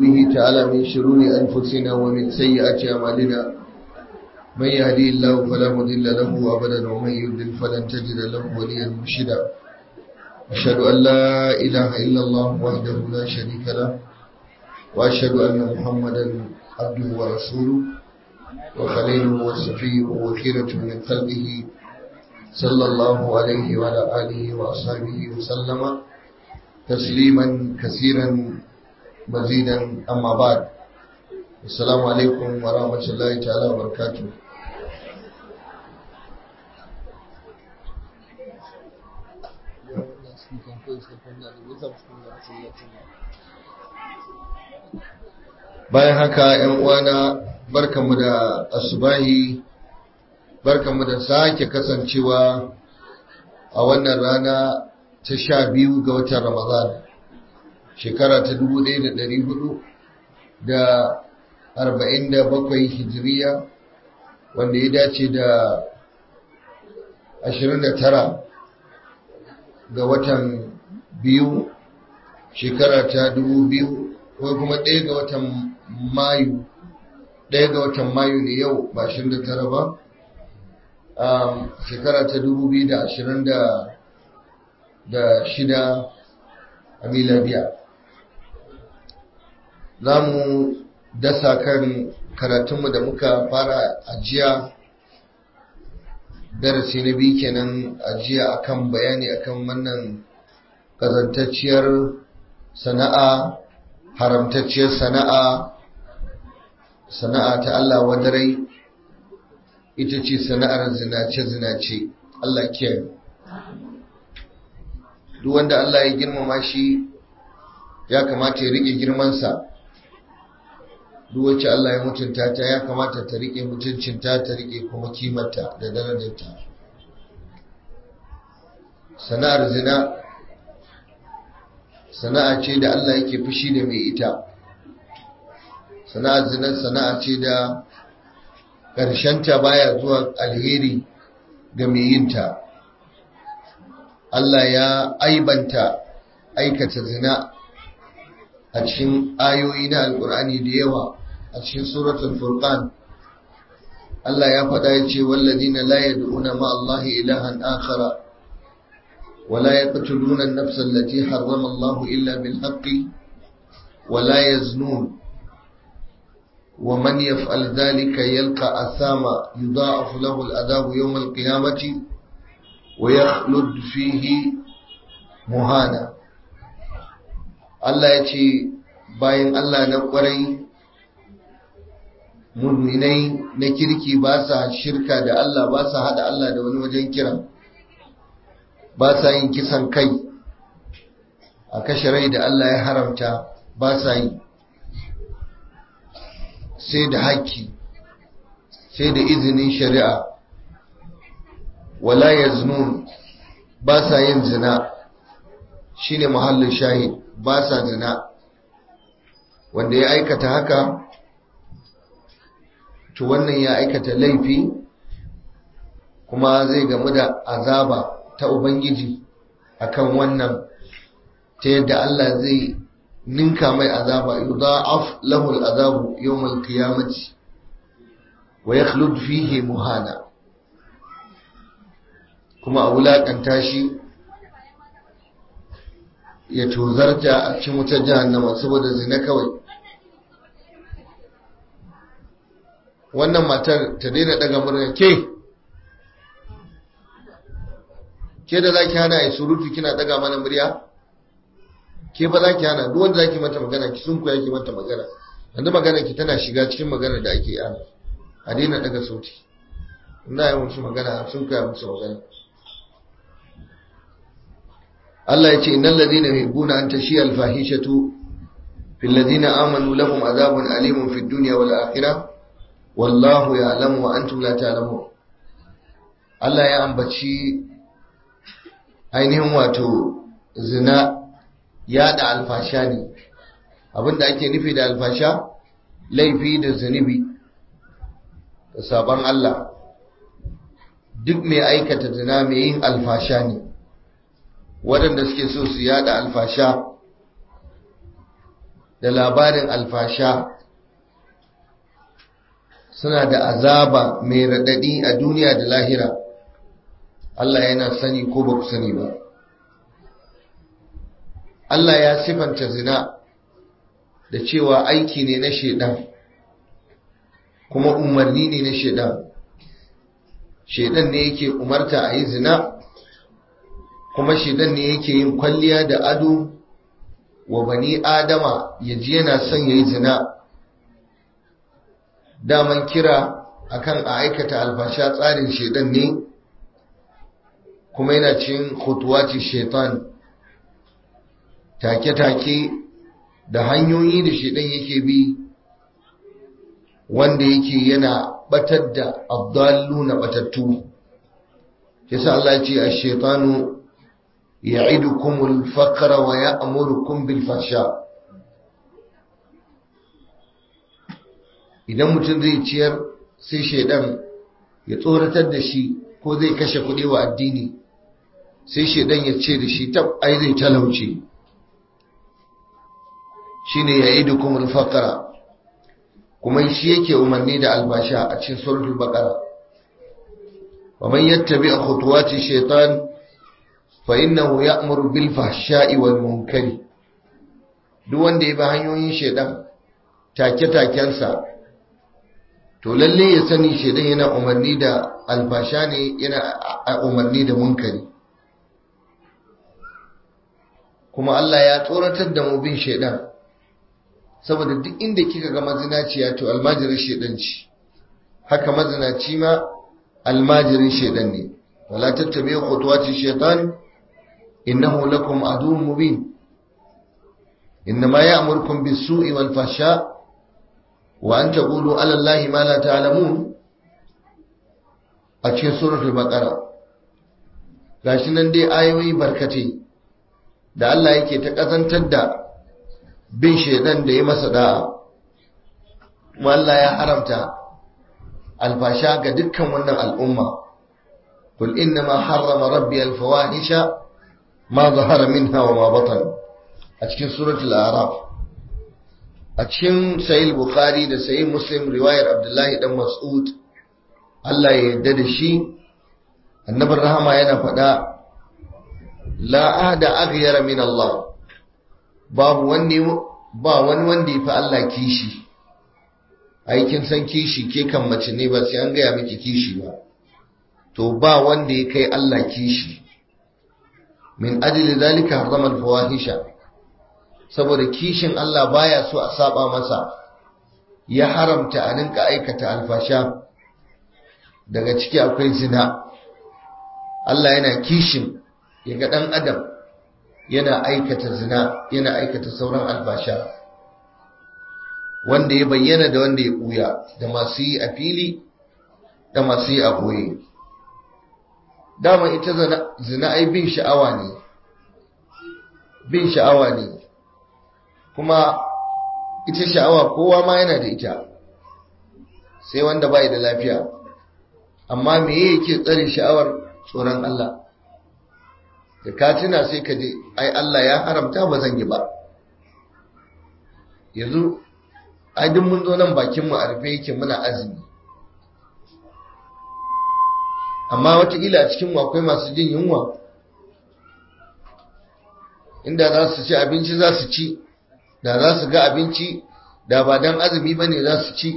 به تعالى من شرور أنفسنا ومن سيئات أعمالنا من يهدي الله فلا مضل له أبدا ومن يضلل فلن تجد له وليا مرشدا أشهد أن لا إله إلا الله وحده لا شريك له وأشهد أن محمدا عبده ورسوله وخليله وصفيه وخيرة من خلقه صلى الله عليه وعلى آله وأصحابه وسلم تسليما كثيرا مزيدا أما بعد السلام عليكم ورحمة الله تعالى وبركاته bayan haka ‘yan uwana barkamu da asubahi barkamu da sake kasancewa a wannan rana ta sha biyu ga watan ramadana shekara ta 1447 hijiriya wanda ya dace da 29 ga watan biyu shekara ta 2000 ko kuma ɗaya ga watan mayu ɗaya ga watan mayu ne yau ba 29 ba um, shekara ta 2026 a miladiya za mu dasa kan karatunmu da muka fara ajiya darasi na biyu kenan ajiya akan bayani akan wannan kazantacciyar sana'a haramtacciyar sana'a sana'a ta Allah wadarai ita ce sana'ar zinace-zinace Allah kiyaye duk wanda Allah ya girmama shi ya kamata ya rike girmansa duk wacce Allah ya mutunta ta ya kamata ta rike mutuncinta ta rike kuma kimarta da ta? sana'ar zina sana'a ce da Allah yake fushi da mai ita sana'ar zina sana'a ce da ta baya zuwa alheri ga mai yinta Allah ya aibanta aikata zina a cikin ayoyi na alkur'ani da yawa a cikin suratul furqan Allah ya faɗa ya ce walladina la yad'una ma Allah ilahan akhara wa la yaqtuluna an-nafsa allati harrama Allah illa bil haqqi wa la yaznun wa man yaf'al dhalika a athama yudha'af lahu al-adhabu yawm al-qiyamati wa yakhlud fihi muhana Allah ya ce bayan Allah na ƙwarai muminai na kirki ba sa shirka da Allah ba sa hada Allah da wani wajen kira ba sa yin kisan kai a kashe rai da Allah ya haramta ba sa yi sai da haƙƙi sai da izinin shari'a wala yaznun ba sa yin zina shine mahallin shahi ba sa zina wanda ya aikata haka to wannan ya aikata laifi kuma zai gamu da azaba ta ubangiji akan wannan ta yadda Allah zai ninka mai azaba yudha'af lahu al'azabu yawm al-qiyamati wa yakhlud fihi muhana kuma a wulakanta shi ya tozarta a cikin wutar jahannama saboda zina kawai wannan matar ta daina daga murna ke ke da zaki hana ai surutu kina daga mana murya ke ba zaki hana duk wanda zaki mata magana ki sun koya ki mata magana yanzu magana ki tana shiga cikin magana da ake yi a daina daga sauti ina yi musu magana sun koya musu magana Allah ya ce innal ladina yuhibbuna an tashi al fahishatu fil ladina amanu lahum adhabun alimun fid dunya wal akhirah wallahu ya alamu wa antum la alamu Allah ya ambaci ainihin wato zina da alfasha ne abinda ake nufi da alfasha laifi da zunubi da sabon Allah duk mai aikata zina mai yin alfasha ne waɗanda suke so su yada alfasha da labarin alfasha suna da azaba mai raɗaɗi a duniya da lahira Allah yana sani ko ba ku sani ba Allah ya sifanta zina da cewa aiki ne na shaidan kuma umarni ne na shaidan shaidan ne yake umarta a yi zina kuma shaidan ne yake yin kwalliya da ado wa bani adama yaji yana son ya yi zina daman kira akan a aikata alfasha tsarin shedan ne kuma yana cin ce shetan take-take da hanyoyi da shedan yake bi wanda yake yana batar da abdallu na batattu sa Allah ce a shetanu ya'idukumul fakara wa ya'murukum bil bilfasha. idan mutum zai ciyar sai shaidan ya tsoratar da shi ko zai kashe kuɗi wa addini sai shaidan ya ce da shi tab ai zai talauce shine ya da kuma rufakara kuma shi yake umarni da albasha a cikin suratul bakara wa man yattabi khutuwati shaitan fa innahu ya'muru bil fahsha'i wal munkari duk wanda ya bi hanyoyin shaidan take-takensa to lalle ya sani shaidan yana umarni da alfasha ne yana umarni da munkari kuma Allah ya tsoratar da mu bin shaidan saboda duk inda kika ga mazinaciya to almajirin shaidan ce haka mazinaci ma almajirin shaidan ne wala tattabi khutuwati shaitan innahu lakum adu mubin inma ya'murukum bis-su'i wal fahsha' wa an taqulu ala allahi ma la ta'lamun a cikin suratul baqara gashi nan dai ayoyi barkatai da Allah yake ta kasantar da bin shedan da ya masa da'a kuma ya haramta alfasha ga dukkan wannan al'umma قل إنما حرم Ma الفواحش ما ظهر ma وما a cikin suratul araf a cikin sahih bukhari da sahih muslim riwayar abdullahi dan mas'ud Allah ya yarda da shi annabin rahama yana faɗa La'ada ahada aghyara min Allah ba wani wanda yafi Allah kishi aikin san kishi ke kan mace ne ba sai an gaya miki kishi ba to ba wanda ya kai Allah kishi min ajli zalika harrama al-fawahisha saboda kishin Allah baya so a saba masa ya haramta a ninka aikata alfasha daga ciki akwai zina Allah yana kishin ya ga ɗan adam yana aikata zina yana aikata sauran alfasha wanda ya bayyana da wanda ya buya da masu yi a fili da masu yi a dama ita zina ai bin sha'awa ne bin sha'awa ne kuma ita sha'awa kowa ma yana da ita sai wanda bai da lafiya amma me yake tsare sha'awar tsoron Allah da ka tuna sai ka je ai Allah ya haramta ba zan yi ba yanzu ai duk mun zo nan bakin mu a rufe yake muna azumi amma wataƙila a cikin akwai masu jin yunwa inda za su ci abinci za su ci da za su ga abinci da ba dan azumi ba ne za su ci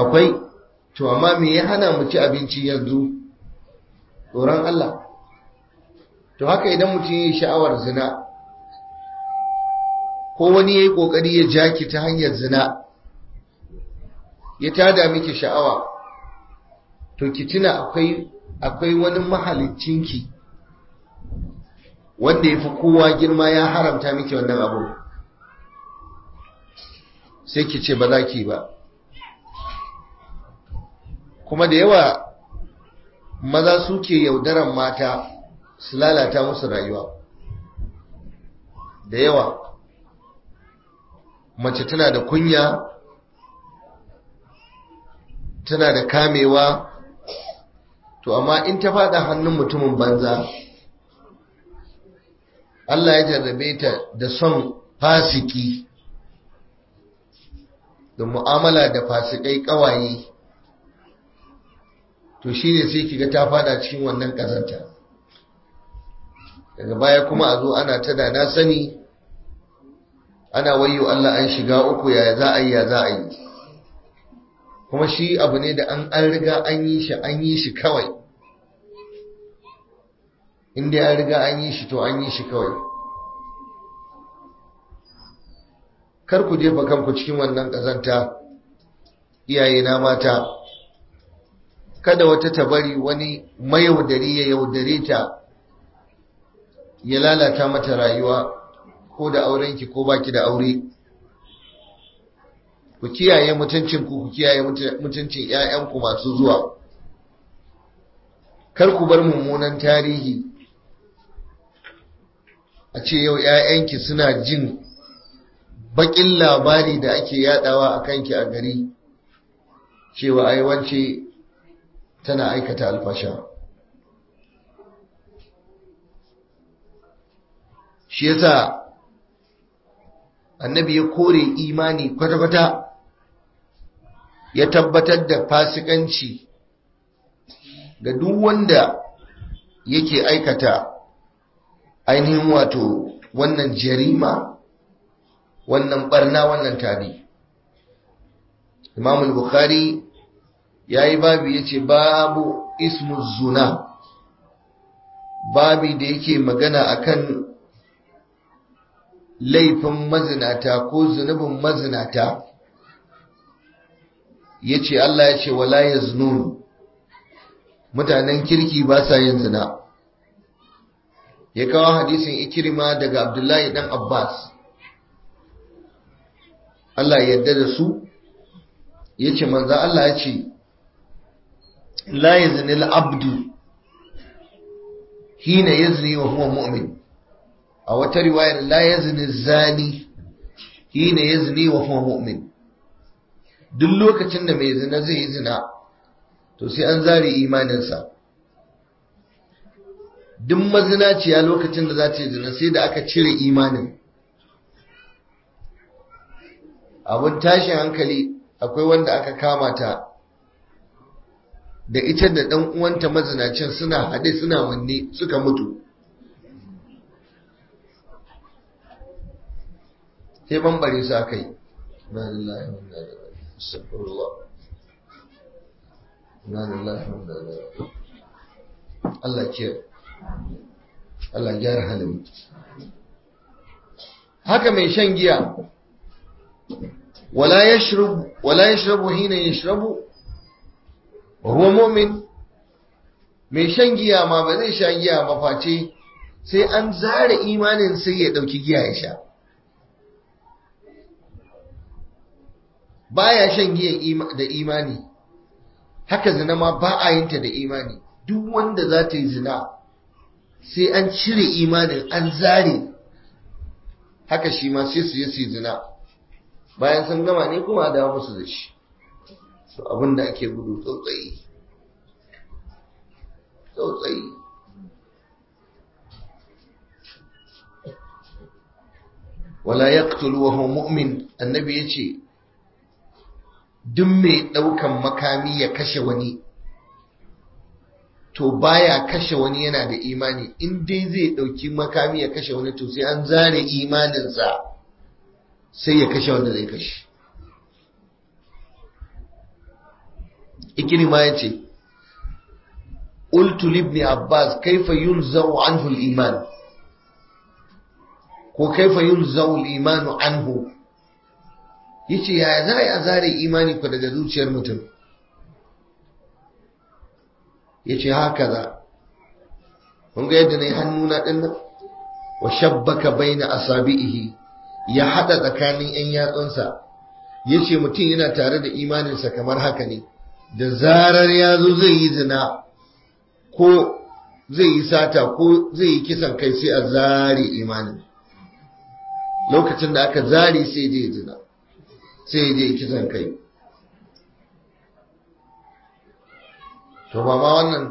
akwai to amma me ya hana mu ci abinci yanzu tsoron Allah to haka idan mutum ya sha'awar zina ko wani ya yi ƙoƙari ya jaki ta hanyar zina ya tada miki sha'awa to ki tuna akwai wani ki. wanda ya fi kowa girma ya haramta miki wannan abu sai ki ce ba za ki ba kuma da yawa maza suke yaudaran mata su lalata musu rayuwa da yawa mace tana da kunya tana da kamewa to amma in ta fada hannun mutumin banza Allah ya jarrabe ta da son fasiki da mu'amala da fasikai kawaye to shi ne sai kiga ta fada cikin wannan kazanta daga baya kuma a zo ana tada na sani ana wayo Allah an shiga uku ya za a yi ya za a yi kuma shi abu ne da an an riga an yi shi an yi shi kawai in dai an riga an yi shi to an yi shi kawai kar ku jefa kanku cikin wannan ƙazanta iyaye na mata kada wata ta bari wani mayaudari ya yaudare ta ya lalata mata rayuwa ko da aurenki ko baki da aure ku kiyaye mutuncin ku kiyaye mutuncin ƴaƴanku masu zuwa kar ku bar mummunan tarihi a ce yau 'ya'yanki suna jin bakin labari da ake yadawa a kanki a gari cewa ai tana aikata alfasha shi yasa annabi ya kore imani kwata-kwata ya tabbatar da fasikanci ga duk wanda yake aikata ainihin wato wannan jarima wannan barna wannan tari. imamul bukhari ya yi babi ya ce babu ismu zuna babi da yake magana akan laifin mazinata ko zunubin mazinata ya ce Allah ya ce wala ya mutanen kirki ba sa yin zina ya kawo hadisin ikirima daga abdullahi dan abbas Allah yadda da su ya ce manza Allah ya ce la yazni abdu hina ya yazni wa huwa mu'min a wata riwayar la yazni zani hina ya yazni wa huwa mu'min duk lokacin da mai zina zai yi zina to sai an zare imaninsa duk mazinaciya lokacin da za ta yi zina sai da aka cire imanin abin tashin hankali akwai wanda aka kama ta da ita da ɗan'uwanta uwanta mazinacin suna haɗe suna wanne suka mutu sai bambare su aka yi Allah ke Allah gyara halin haka mai shan giya wala yashrabu wala yashrabu hina yashrabu huwa mu'min mai shan giya ma ba zai sha giya ba face sai an zare imanin sai ya dauki giya ya sha baya shan giya da imani haka zina ma ba a yinta da imani duk wanda za ta yi zina sai an cire imanin an zare haka shi ma sai su yi su zina bayan sun gama ne kuma a dawo musu da shi su abin da ake gudu tsautsayi tsautsayi wala yaqtulu wa mu'min annabi yace duk mai ɗaukan makami ya kashe wani to baya kashe wani yana da imani in dai zai ɗauki makami ya kashe wani to sai an zare imaninsa sai ya kashe wanda zai kashe ma ya ce ultu libni abbas kaifa yun zau anhu iman ko kaifa yun zau imanu anhu yace yaya za a zare imani ku daga zuciyar mutum ya ce haka za kun ga yadda na yi hannuna ɗin nan wa shabbaka bai na ihi ya haɗa tsakanin 'yan yatsunsa ya ce mutum yana tare da imaninsa kamar haka ne da zarar ya zo zai yi zina ko zai yi sata ko zai yi kisan kai sai a zari imanin lokacin da aka zari sai je zina sai je kisan kai to ba ma wannan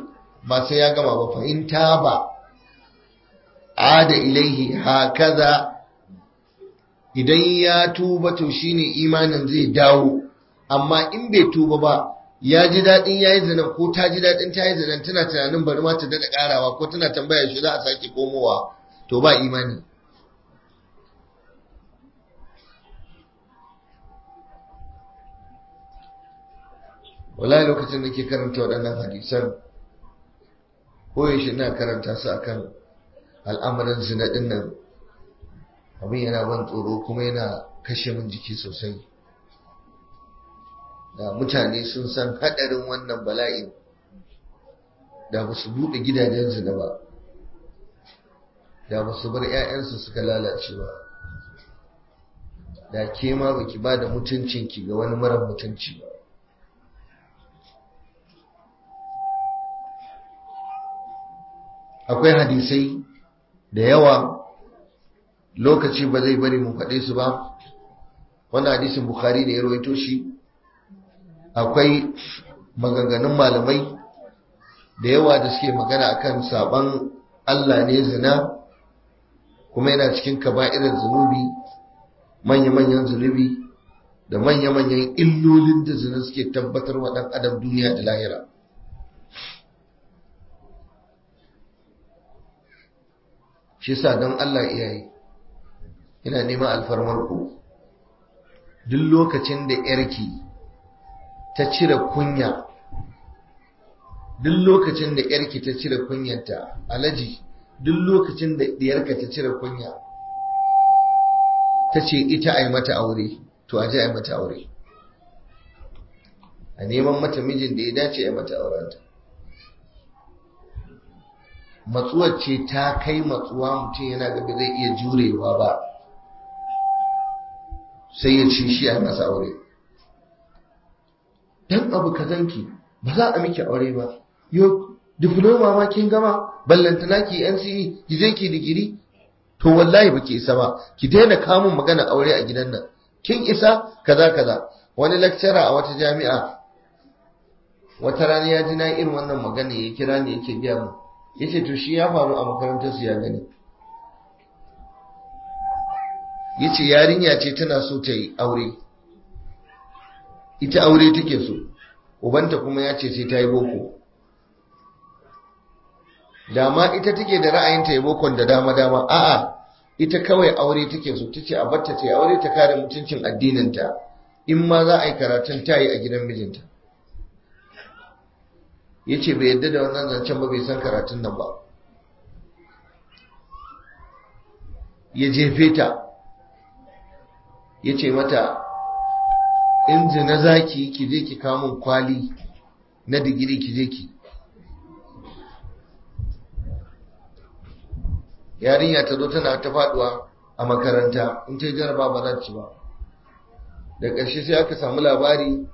ba sai ya gama ba fa in taba ada ilaihi hakaza idan ya tuba to shine imanin zai dawo amma in bai tuba ba ya ji daɗin ya yi ko ta ji daɗin ta yi zanen tana tunanin bari ma ta dada karawa ko tana tambaya shi za a sake komowa to ba imani wallahi lokacin da ke karanta waɗannan hadisan Ko koyaushe ina karanta su akan al'amuran zina ɗin nan abin yana ban tsoro kuma yana kashe min jiki sosai da mutane sun san haɗarin wannan bala'in da ba su buɗe gidajen zina ba da ba su bar 'ya'yansu suka lalace ba da ke ma ba ki ba da mutuncinki ga wani mara mutunci ba akwai hadisai da yawa lokaci ba zai bari mu faɗe su ba wannan hadisin bukhari da ya rawaito shi akwai maganganun malamai da yawa da suke magana akan saban Allah ne zina kuma yana cikin kaba'irar zunubi manya-manyan zunubi da manya-manyan illolin da zina suke tabbatar wa ɗan adam duniya da lahira shi sa don Allah iyaye ina neman alfarmarku. duk lokacin da yarki ta cire kunya duk lokacin da yarki ta cire kunyanta alaji duk lokacin da diyarka ta cire kunya ta ce ita a yi mata aure to a ji a yi mata aure a neman mata mijin da ya dace a yi mata aurenta matsuwar ce ta kai matsuwa mutum yana gaba zai iya jurewa ba sai ya ci shi a masa aure don abu zanki ba za a miki aure ba Yau, diploma ma kin gama ballantana ki NCE ki je ki digiri to wallahi baki isa ba ki daina kamun magana aure a gidan nan kin isa kaza kaza wani lecturer a wata jami'a wata rana ya ji na irin wannan magana ya kira ni yake biya mu yace to shi ya faru a makarantar su ya gani yace yarinya ce tana so ta yi aure ita aure take so ubanta kuma ya ce sai ta yi boko dama ita take da ra'ayin ta bokon da dama dama a'a ita kawai aure take so tace a batta ce aure ta kare mutuncin addininta in ma za a yi karatun ta yi a gidan mijinta ya ce bai yadda da wannan zancen ba bai san karatun nan ba ya jefe ta ya ce mata inji na zaki ki je ki kamun kwali na digiri ki je ki yarinya ta zo tana ta faduwa a makaranta in ta jaraba ba za ci ba da ƙarshe sai aka samu labari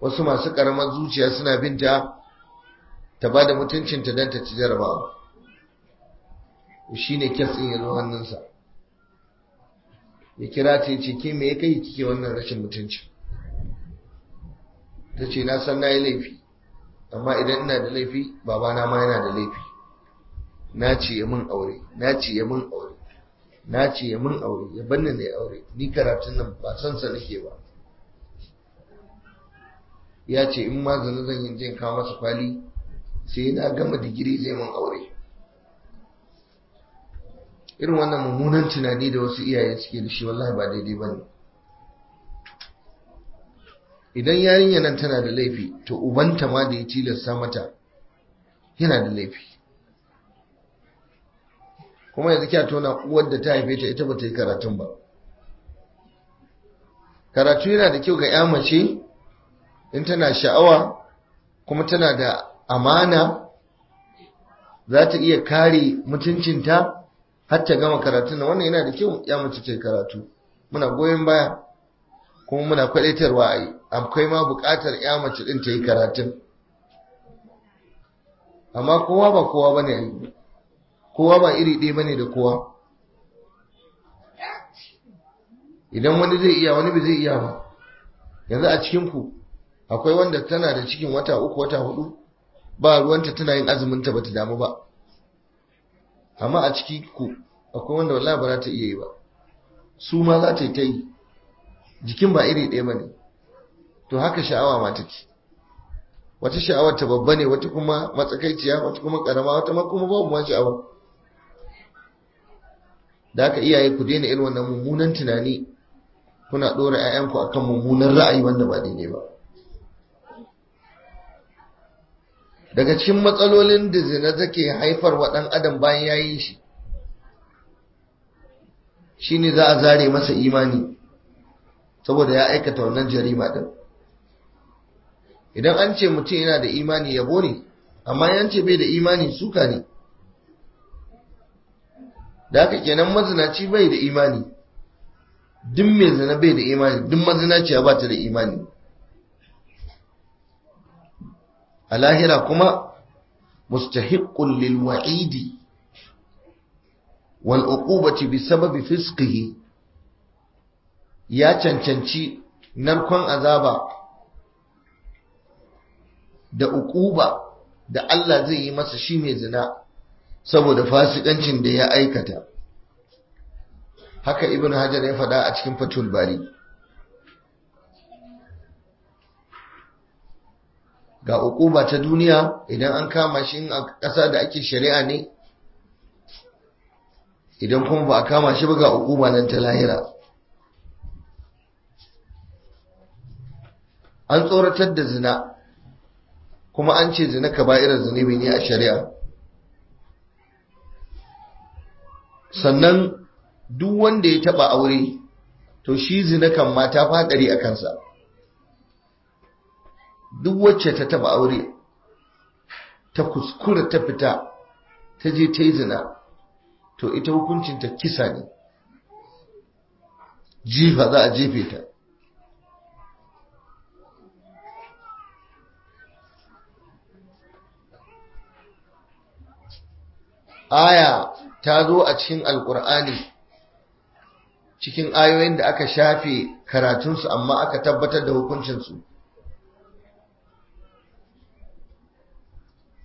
wasu masu ƙaramar zuciya suna binta ta ba da mutuncinta don ta ci jarabawa shi ne kyatsin ya zo hannunsa ya kira ta yi ciki, me ya kai kike wannan rashin mutunci ta ce na san na yi laifi amma idan ina da laifi babana ma yana da laifi na ce ya mun aure na ce ya mun aure na ce ya mun aure ya banna ne aure ni karatun nan ba san sa nake ba ya ce in ma zan zan yin jin kawo masa kwali sai na gama digiri zai mun aure irin wannan mummunan tunani da wasu iyaye suke da shi wallahi ba daidai ba ne idan yarinya nan tana da laifi to ubanta ma da ya tilasta mata yana da laifi kuma yanzu kya tona uwar da ta haife ta ita ba ta yi karatun ba karatu yana da kyau ga ya mace in tana sha'awa kuma tana da amana za ta iya kare mutuncinta har ta gama karatun na wannan yana da kyau ya mace ce karatu muna goyon baya kuma muna kwadaitarwa a yi akwai ma buƙatar ya mace ɗin ta yi karatun amma kowa ba kowa ba ne kowa ba iri ɗaya ba ne da kowa idan wani zai iya wani ba zai iya ba yanzu a cikinku akwai wanda tana da cikin wata uku wata hudu ba ruwanta tana yin azuminta ba ta damu ba amma a ciki ku akwai wanda wallahi ba za ta iya yi ba su ma za ta yi ta yi jikin ba iri ɗaya ba ne to haka sha'awa ma take wata sha'awar ta babba ne wata kuma matsakaiciya wata kuma karama wata ma kuma babu ma sha'awa da haka iyaye ku daina irin wannan mummunan tunani kuna ɗora 'ya'yanku akan mummunan ra'ayi wanda ba daidai ba daga cikin matsalolin da zina take haifar wa dan adam bayan ya yi shi shi ne za a zare masa imani saboda ya aikata wannan jarima ɗin idan an ce mutum yana da imani yabo ne amma yan ce bai da imani suka ne da haka kenan mazinaci bai da imani duk mai zina bai da imani duk mazinaci ba ta da imani a lahira kuma mustahiqqun lil wa'idi wal uqubati sababi fisqihi ya cancanci narkon azaba da uquba da Allah zai yi masa shi mai zina saboda fasikancin da ya aikata haka ibn hajar ya faɗa a cikin fatul bari ga hukuma ta duniya idan an kama shi a ƙasa da ake shari'a ne idan kuma ba a kama shi ba ga hukuma nan ta lahira an tsoratar da zina kuma an ce zina ka ba ba'irar zunubi ne a shari'a sannan duk wanda ya taba aure to shi zina kan mata fadari a kansa duk wacce ta taba aure ta kuskura ta fita ta je ta yi zina to ita hukuncinta kisa ne jifa za a jefe ta aya ta zo a cikin alkur'ani cikin ayoyin da aka shafe karatunsu amma aka tabbatar da hukuncinsu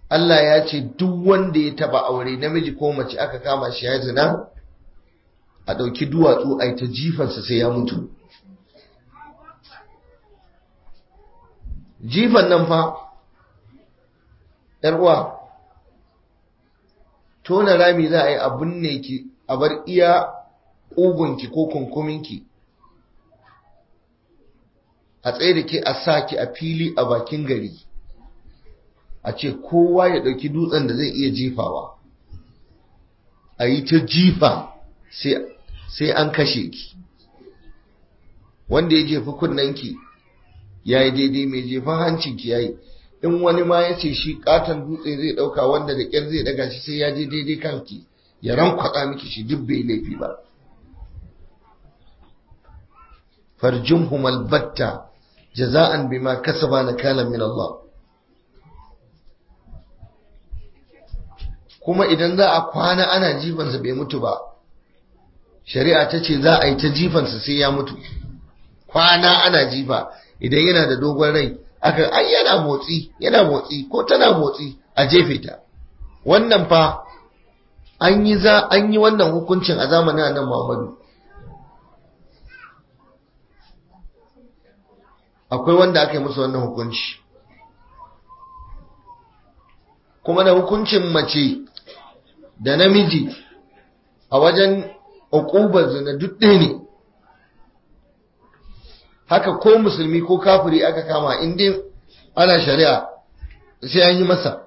Allah ya ce duk wanda ya taba aure namiji ko mace aka kama shi ya zina a ɗauki duwatsu a ta jifansa sai ya mutu jifan nan fa uwa tona rami za a yi abin ne ki a bar iya ƙugunki ko kunkuminki a tsaye da ke a sa ki a fili a bakin gari a ce kowa ya ɗauki dutsen da zai iya jifawa a yi ta jifa sai an kashe ki wanda ya jefa kunnanki ya yi daidai mai jefa hancinki ya yi in wani ma ya ce shi katon dutse zai ɗauka wanda da ƙyar zai daga shi sai ya je daidai kanki ya ran kwaɗa miki shi duk bai laifi ba farjin humal batta jaza'an bima kasaba na kalan min Allah kuma idan za a kwana ana jifansa bai mutu ba shari'a ta ce za a yi ta jifansa sai ya mutu kwana ana jifa idan yana da dogon rai aka ai yana motsi yana motsi ko tana motsi a jefe ta wannan fa an yi za an yi wannan hukuncin a zamanin nan Muhammadu akwai wanda aka yi musu wannan hukunci kuma da hukuncin mace da namiji a wajen uqubar zina duk ɗaya ne haka ko musulmi ko kafiri aka kama inda ana shari'a sai an yi masa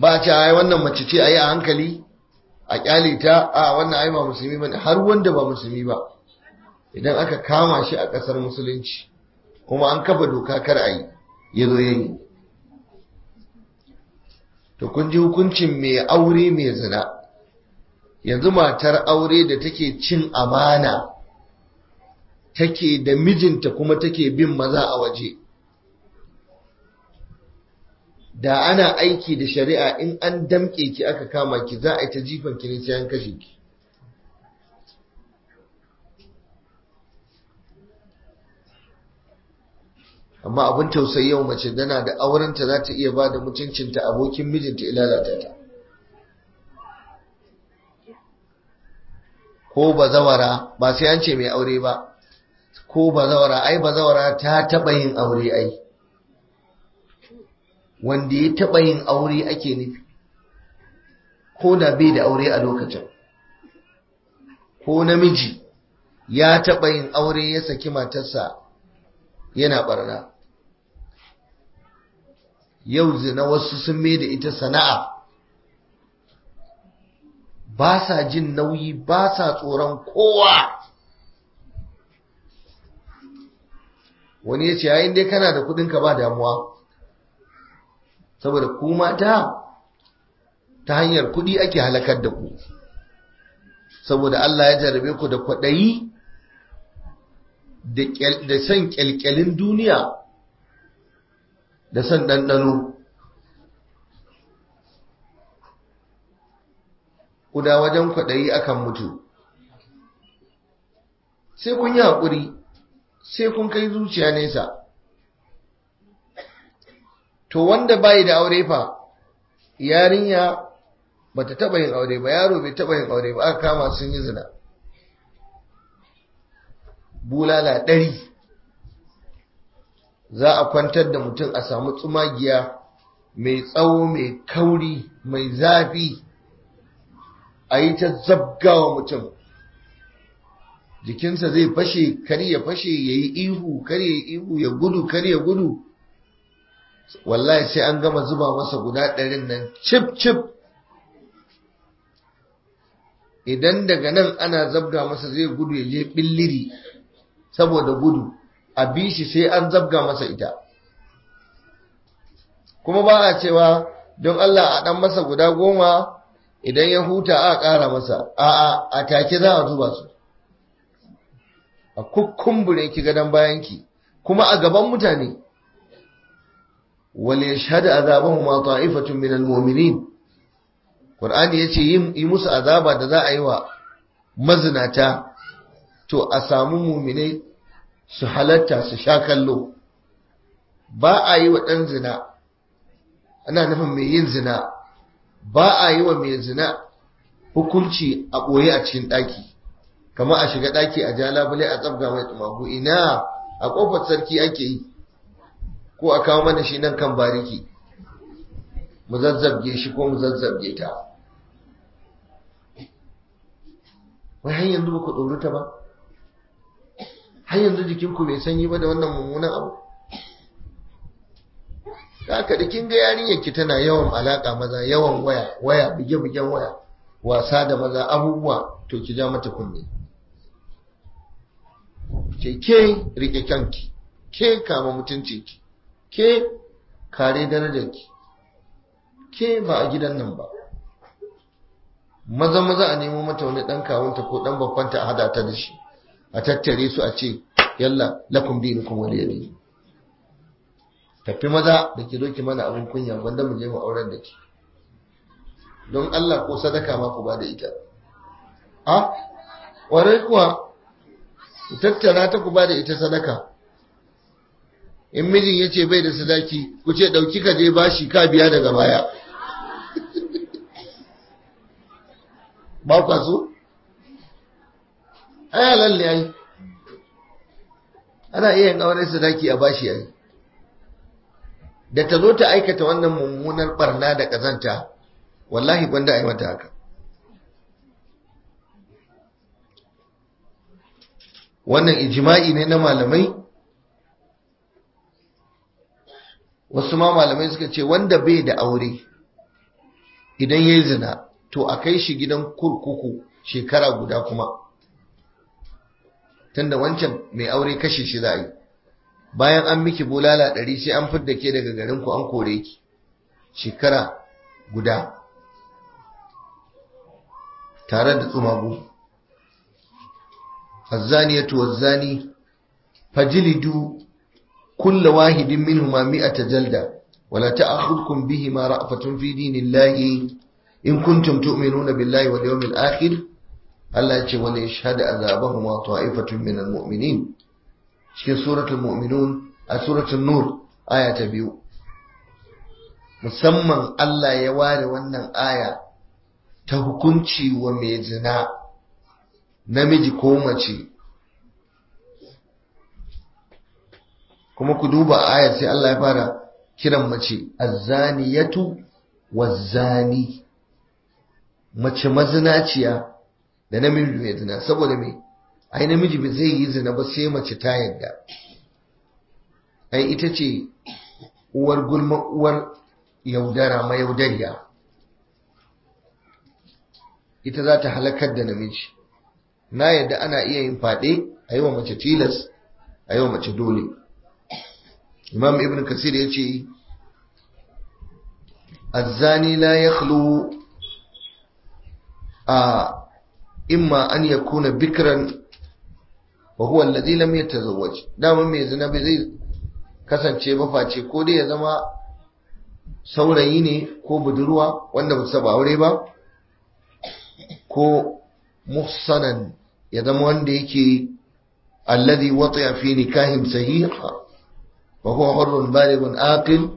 ba a ce ai wannan mace ce ayi a hankali a kyale ta a wannan ai ba musulmi bane har wanda ba musulmi ba idan aka kama shi a ƙasar musulunci kuma an kafa doka kar ayi yazo yayi to kun ji hukuncin mai aure mai zina yanzu matar aure da take cin amana take da mijinta kuma take bin maza a waje da ana aiki da shari'a in an damke ki aka kama ki za a yi ta jifan ki sai kashe ki amma abin tausayi yau mace dana da aurenta za ta iya ba da mutuncinta abokin mijinta ya lalata ta ko bazawara ba sai an ce mai aure ba ko bazawara ai bazawara ta taɓa yin aure ai wanda ya taɓa yin aure ake nufi ko da bai da aure a lokacin ko namiji ya taɓa yin aure ya saki matarsa yana barna yau zina wasu sun mai da ita sana'a ba sa jin nauyi ba sa tsoron kowa wani ya ce yayin dai kana da kudinka ba damuwa saboda ku mata ta hanyar kudi ake halakar da ku saboda Allah ya jarabe ku da kwaɗayi da son kyalkyalin duniya da son ɗanɗano kuda wajen kwaɗayi akan mutu sai kun yi haƙuri sai kun kai zuciya nesa to wanda bayi da aure fa yarinya ta taɓa yin aure ba yaro bai taɓa yin aure ba aka kama sun yi zina bulala ɗari za a kwantar da mutum a samu tsumagiya mai tsawo mai kauri mai zafi a yi ta zabgawa mutum jikinsa zai fashe kar ya fashe ya yi ihu kar ya yi ihu ya gudu kar ya gudu wallahi sai an gama zuba masa guda ɗarin nan cip cip idan daga nan ana zabga masa zai gudu ya je ɓilliri saboda gudu a bi shi sai an zabga masa ita kuma ba a cewa don Allah a ɗan masa guda goma idan ya huta a kara masa a a take za a zuba su a kukkumbure ki gadon ki, kuma a gaban mutane wale shahada azabahu ma ta'ifatun min almu'minin qur'ani yace yi musu azaba da za a yi wa mazinata to a samu mu'minai su halatta su sha kallo ba a yi wa ɗan zina ana nufin mai yin zina ba a yi wa mai zina hukunci a ɓoye a cikin ɗaki kama a shiga ɗaki a ja labule a tsabga mai tumaku ina a ƙofar sarki ake yi ko a kawo mana shi nan kan bariki mu zazzabge shi ko mu zazzabge ta wai hanyar yanzu ba ku ɗoruta ba har yanzu jikinku bai sanyi ba da wannan mummunan abu da da kin ga yarinyar ki tana yawan alaka maza yawan waya waya buge bugen waya wasa da maza abubuwa to ki ja mata kunne ke ke rike kanki ke kama mutunci ki ke kare darajar ki ke ba a gidan nan ba maza maza a nemo mata wani dan kawunta ko dan babbanta a hada ta da shi a tattare su a ce yalla lakum dinukum waliya din tafi maza da ke doki mana abin kunya wanda mu je mu auren da ke don Allah ko sadaka ma ku ba da ita a wani kuwa tattara ta ku ba da ita sadaka in mijin ya ce bai da sadaki ku ce ɗauki ka je bashi ka biya daga baya ba ku so ai halal ne ai ana iya yin auren sadaki a bashi ai da ta zo ta aikata wannan mummunar barna da kazanta wallahi gwanda ai mata haka wannan ijima'i ne na malamai wasu ma malamai suka ce wanda bai da aure idan ya yi zina to a kai shi gidan kurkuku shekara guda kuma tunda wancan mai aure kashe shi za a yi bayan an miki bulala ɗari sai an fidda ke daga garin ku an kore ki shekara guda tare da tsumagu azzaniyatu wazzani fajlidu kulla wahidin minhuma mi'ata jalda wala ta'khudhukum bihima ra'fatun fi dinillahi in kuntum tu'minuna billahi wal yawmil akhir Allah ya ce ya wala yashhadu azabahuma ta'ifatun minal mu'minin cikin suratul mu'minun a suratul nur aya ta biyu musamman Allah ya ware wannan aya ta hukunci wa mai zina namiji ko mace kuma ku duba aya sai Allah ya fara kiran mace azzaniyatu wazzani mace mazinaciya da namiji mai zina saboda me ai namiji ba zai yi zina ba sai mace ta yadda ai ita ce uwar gulma uwar yaudara ma yaudariya ita za ta halakar da namiji na yadda ana iya yin fade a yi mace tilas a yi mace dole imam ibn kasir ya ce الزاني لا يخلو a. imma an yakuna bikran wa huwa alladhi lam yatazawwaj dama mai zina bai zai kasance ba face ko dai ya zama saurayi ne ko budurwa wanda ba saba aure ba ko muhsanan ya zama wanda yake alladhi wati'a fi nikahin sahiha wa huwa hurrun balighun aqil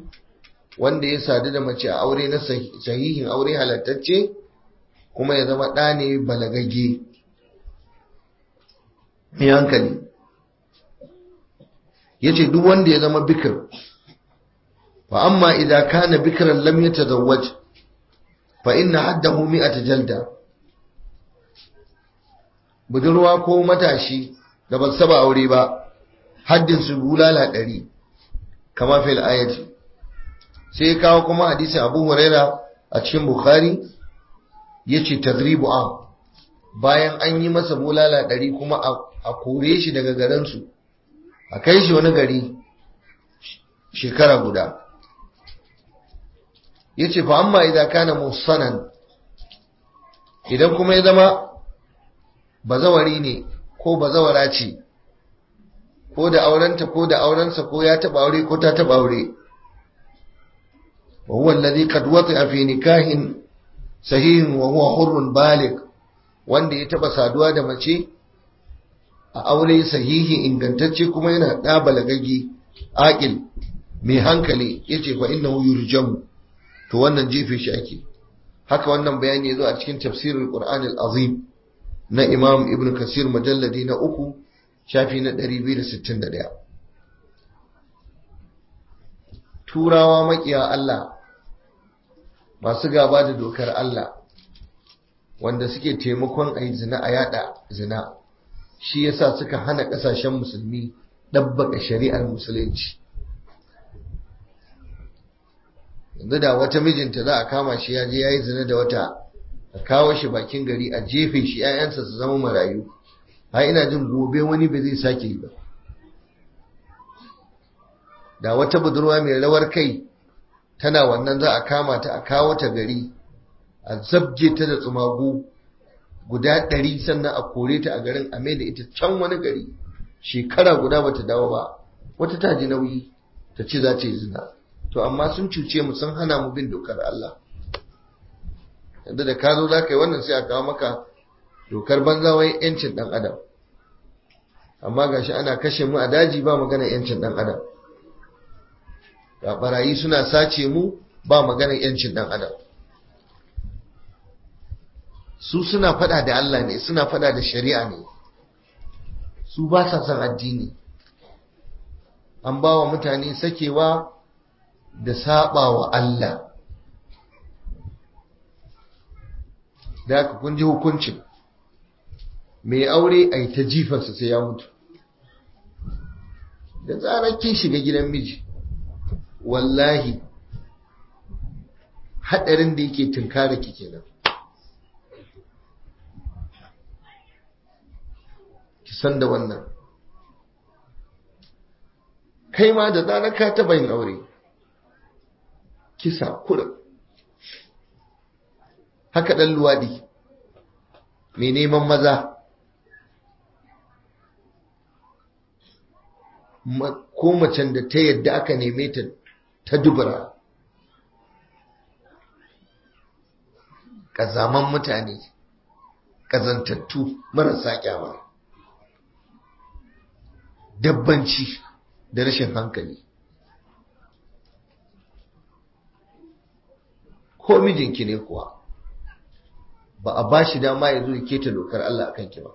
wanda ya sadu da mace a aure na sahihin aure halattacce kuma ya zama ɗa ne balagage. mai hankali ya ce duk wanda ya zama bikir fa amma idan kana bikiran lam ya tazawwaj fa inna haddahu mi'ata jalda budurwa ko matashi da ba saba aure ba haddin su bulala ɗari kama fil ayati sai kawo kuma hadisin abu huraira a cikin bukhari ya ce tagribu am bayan an yi masa bulala ɗari kuma a kore shi daga garinsu a kai shi wani gari shekara guda ya ce fa amma idan kana musanan idan kuma ya zama bazawari ne ko bazawara ce ko da aurenta ko da aurensa ko ya taɓa aure ko ta taɓa aure wa huwa alladhi qad a fi nikahin sahihin wa huwa hurrun balik wanda ya taba saduwa da mace a aure sahihi ingantacce kuma yana da balagaggi aqil mai hankali yace fa innahu yurjam to wannan jefe shi ake haka wannan bayani yazo a cikin tafsirul qur'anil azim na imam ibn kasir mujalladi na uku shafi na 261 turawa makiya Allah masu gaba da dokar Allah wanda suke taimakon a yi zina a yada zina shi yasa suka hana ƙasashen musulmi ɗabbaka shari'ar musulunci yanzu da wata mijinta za a kama shi ya je ya yi zina da wata a kawo shi bakin gari a jefe shi 'ya'yansa su zama marayu ha ina jin gobe wani ba zai sake yi ba da wata budurwa mai rawar kai tana wannan za a kama ta a kawo ta gari a zabje ta da Tsumago guda ɗari sannan a kore ta a garin a da ita can wani gari shekara guda bata dawo ba wata ta ji nauyi ta ce za ta yi zina to amma sun cuce mu sun hana mu bin dokar Allah yadda da ka zo za ka yi wannan sai a kawo maka dokar banza wai yancin ɗan adam amma gashi ana kashe mu a daji ba magana yancin ɗan adam da barayi suna sace mu ba maganar yancin dan adam su suna fada da Allah ne suna fada da shari'a ne su ba sa san addini an ba wa mutane sakewa da saba wa Allah da aka kun ji hukuncin mai aure a yi ta jifarsa sai ya mutu da tsarar kin shiga gidan miji wallahi haɗarin da yake tunkara ki kenan ki san da wannan kai ma da zarar ka taba yin aure kisa kuɗin. haka dan luwadi mai neman maza ko macen da ta yadda aka neme ta ta dubura ƙazaman mutane ƙazantattu marasa ƙyama dabbanci da rashin hankali ko mijinki ne kuwa ba a ba shi dama ya zo ya keta dokar Allah a kanki ba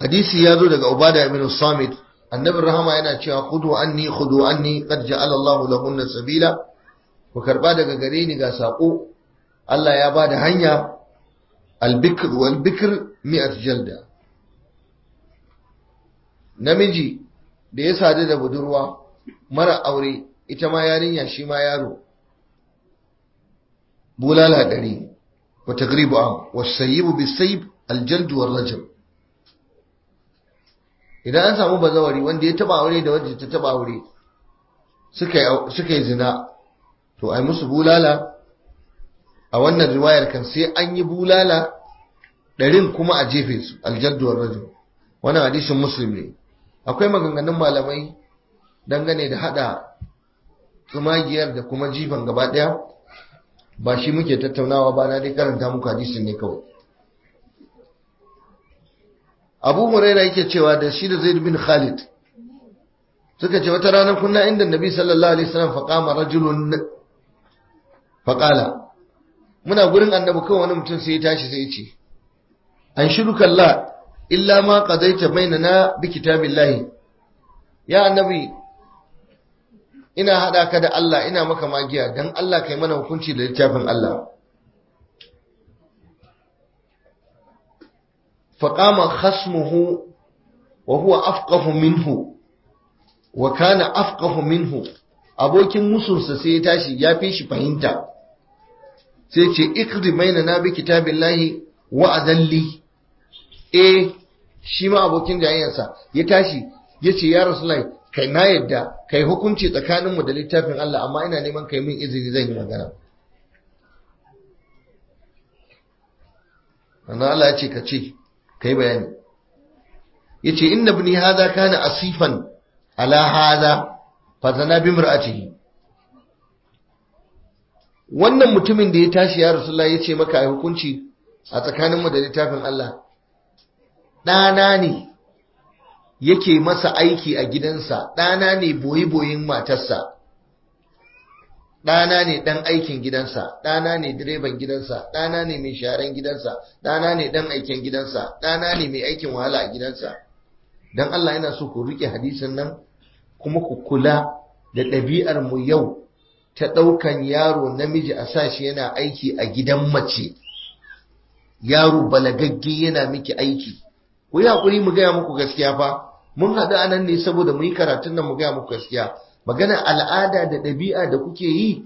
hadisi ya zo daga ubada ibn samit annabin rahama yana cewa khudu anni khudu anni qad ja'ala Allahu lahunna sabila ku karba daga gare ni ga sako Allah ya bada hanya al-bikr wal bikr mi'at jalda namiji da ya sadu da budurwa mara aure ita ma yarinya shi ma yaro bulala dari wa tagribu am wasayibu bisayb al-jald wal rajm idan an samu bazawari wanda ya taba aure da wanda ta taba aure suka yi zina to ai musu bulala a wannan riwayar kan sai an yi bulala ɗarin kuma a jefe su aljadduwar rajul wannan hadisin muslim ne akwai maganganun malamai dangane da hada tsumagiyar da kuma jifan gaba ɗaya ba shi muke tattaunawa ba na dai karanta muku hadisin ne kawai abu huraira yake cewa da shi da zaid bin khalid suka ce wata ranar kunna inda nabi sallallahu alaihi wasallam faqama rajulun faqala muna gurin annabi kawai wani mutum sai ya tashi sai ya ce an shiru kalla illa ma qadaita bainana bi kitabillahi ya annabi ina hada ka da Allah ina maka magiya dan Allah kai mana hukunci da littafin Allah فقام خصمه وهو أفقف منه وكان منه abokin musunsa sai ya tashi ya fi shi fahimta sai ce ikri maina na bi kitabin lahi wa azalli e shi ma abokin jayayensa ya tashi ya ce ya rasu lai kai na yadda kai hukunci tsakaninmu da littafin Allah amma ina neman kai min izini zan yi magana Wannan Allah ya ce ka ce kai bayani yace inna ibn hada kana asifan ala hada fa zana bi mar'atihi wannan mutumin da ya tashi ya rasulullahi yace maka ai hukunci a tsakaninmu da littafin Allah ɗana ne yake masa aiki a gidansa ɗana ne boyi-boyin matarsa ɗana ne ɗan aikin gidansa ɗana ne direban gidansa ɗana ne mai sharan gidansa ɗana ne ɗan aikin gidansa ɗana ne mai aikin wahala a gidansa don Allah yana so ku riƙe hadisin nan kuma ku kula da ɗabi'ar mu yau ta ɗaukan yaro namiji a sashi yana aiki a gidan mace yaro balagagge yana miki aiki ku yi haƙuri mu gaya muku gaskiya fa mun haɗu a nan ne saboda mu yi karatun nan mu gaya muku gaskiya magana al'ada da ɗabi'a da kuke yi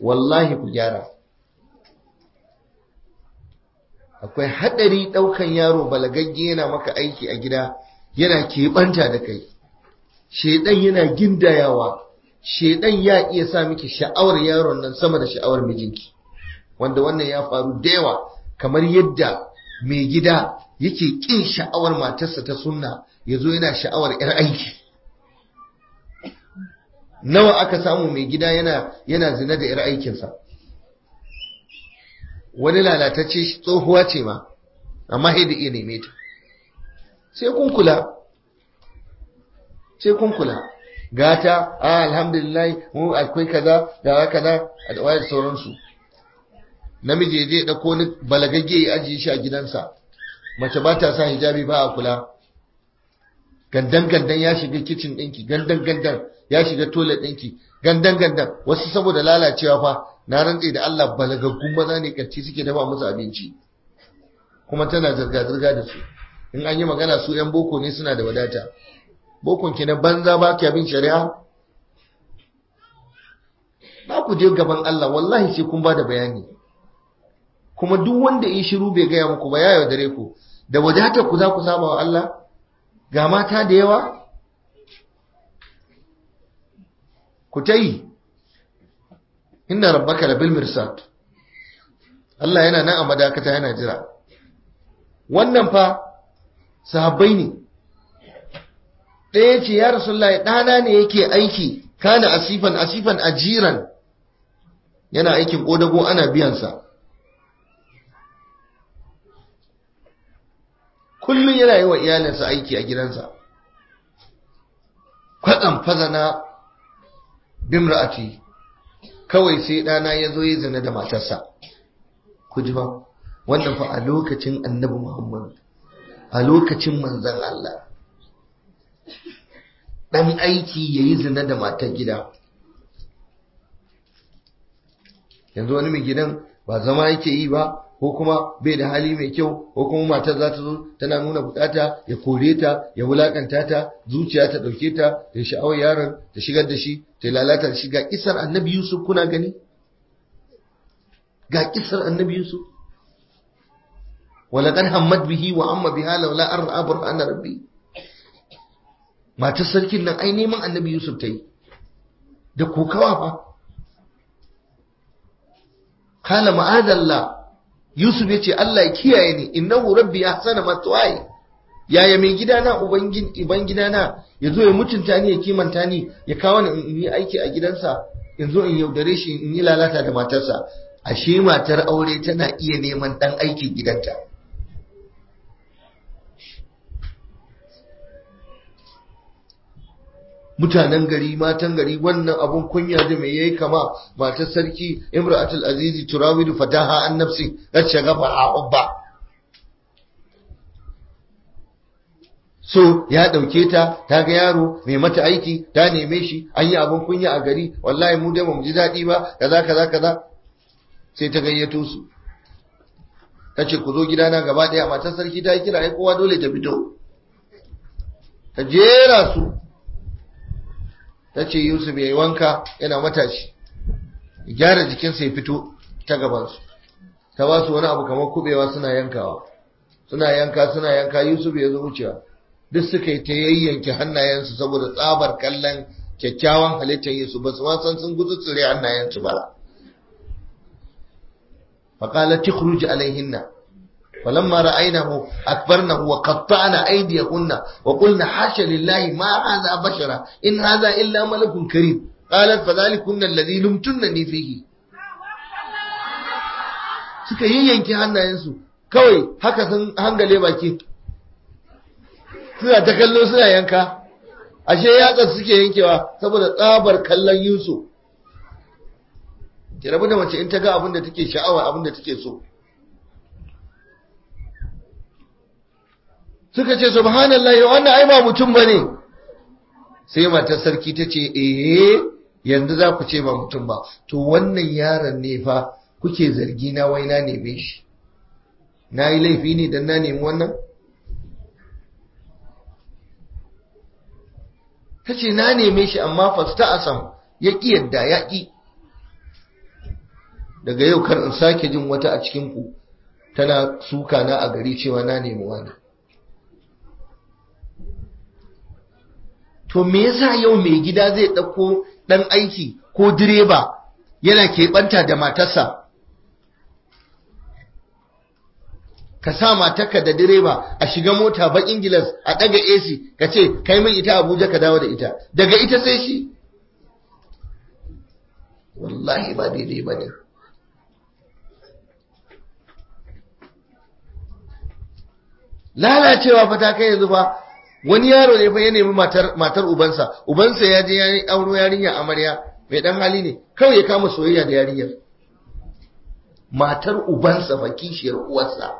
wallahi ku gyara akwai haɗari ɗaukan yaro balagagge yana maka aiki a gida yana keɓanta da kai shaidan yana gindayawa shaidan ya iya sa miki sha'awar yaron nan sama da sha'awar mijinki wanda wannan ya faru da yawa kamar yadda mai gida yake ƙin sha'awar matarsa ta sunna ya zo yana sha'awar 'yar aiki nawa aka samu mai gida yana yana zina da 'yar aikinsa wani lalatacce tsohuwa ce ma amma sai da iya neme ta sai kun kula sai kun gata a alhamdulillah mu akwai kaza da kaza da wayar sauransu namiji ya je da ko ni balagagge ya ajiye shi a gidansa mace ba ta sa hijabi ba a kula gandan gandan ya shiga kicin ɗinki gandan gandan ya shiga toilet ɗinki gandan gandan wasu saboda lalacewa fa na rantse da Allah balagaggun maza ne karci suke dafa musu abinci kuma tana zirga zirga da su in an yi magana su yan boko ne suna da wadata bokon ki na banza ba ki abin shari'a ba ku je gaban Allah wallahi sai kun ba da bayani kuma duk wanda yi shiru bai gaya muku ba ya yaudare ku da wadatar ku za ku saba wa Allah ga mata da yawa ku ta yi inna rabbaka labil mirsad Allah yana nan a madakata yana jira wannan fa sahabbai ne ɗaya ce ya rasulullahi ɗana ne yake aiki kana asifan asifan ajiran yana aikin ƙodago ana biyansa kullum yana yi wa iyalinsa aiki a gidansa kwatsan fazana bimra'ati kawai sai ɗana ya zo ya zina da matarsa ku ji ba wannan fa a lokacin annabi muhammad a lokacin manzan Allah ɗan aiki ya yi zina da matar gida yanzu wani mai gidan ba zama yake yi ba ko kuma bai da hali mai kyau ko kuma matar za ta zo tana nuna bukata ya kore ta ya wulakanta ta zuciya ta dauke ta da sha'awar yaron ta shigar da shi ta lalata da shi ga kisar annabi yusuf kuna gani ga kisar annabi yusuf walaqad hammat bihi wa amma biha laula an ra'a burhana rabbi matar sarkin nan ai neman annabi yusuf ta yi da kokawa fa kala ma'adallah Yusuf ya ce Allah kiyaye ni innahu rabbi ya hasana yaya mai gidana ubangin iban gidana ya zo ya mutunta ni ya kimanta ni ya kawo ni in yi aiki a gidansa in zo in yaudare shi in yi lalata da matarsa ashe matar aure tana iya neman dan aikin gidanta mutanen gari matan gari wannan abun kunya da mai yayi kama matar sarki imra'atul azizi turawidu fataha an nafsi racce ga fara ubba so ya dauke ta ta ga yaro mai mata aiki ta neme shi an yi abun kunya a gari wallahi mu dai mu ji dadi ba kaza kaza kaza sai ta gayyato su ta ce ku zo gidana gaba daya matar sarki ta yi kira ai kowa dole ta fito ta jera su ta ce yusuf ya yi wanka yana matashi gyara jikinsa ya fito ta gabansu ta ba su wani abu kamar kubewa suna yankawa suna yanka suna yanka yusuf ya zo wucewa duk suka yi ta yayyanki hannayensu saboda tsabar kallon kyakkyawan halittar yusuf ba su ma san sun gudu tsire hannayensu ba faƙala tikhruj alaihinna فلما رأينه أكبرنه وقطعنا أيديهن وقلنا حاشا لله ما هذا بشرا إن هذا إلا ملك كريم قالت فذلكن الذي لمتنني فيه suka yi yanki hannayensu kawai haka sun hangale baki suna ta kallo suna yanka ashe yatsar suke yankewa saboda tsabar kallon yusuf ki rabu da mace in ta ga abin da take sha'awa abin da take so suka ce subhanallahi wannan ai ba mutum bane sai matar sarki ta ce eh yanzu za ku ce ba mutum ba to wannan yaron ne fa kuke zargi na wai na neme shi na yi laifi ne don na nemi wannan ta ce na neme shi amma fasta asam ya ƙi yadda ya ƙi daga yau kar in sake jin wata a cikinku tana suka na a gari cewa na nemi wani to me yasa yau mai gida zai ɗauko ɗan aiki ko direba yana keɓanta da matarsa ka sa matarka da direba a shiga mota ba Ingilas a ɗaga AC ka ce kai min ita Abuja ka dawo da ita daga ita sai shi wallahi ba daidai ba ne lalacewa fa ta kai yanzu fa wani yaro ne fa ya nemi matar matar ubansa ubansa ya je ya auro yarinya amarya mai dan hali ne kawai ya kama soyayya da yarinyar matar ubansa ba kishiyar uwarsa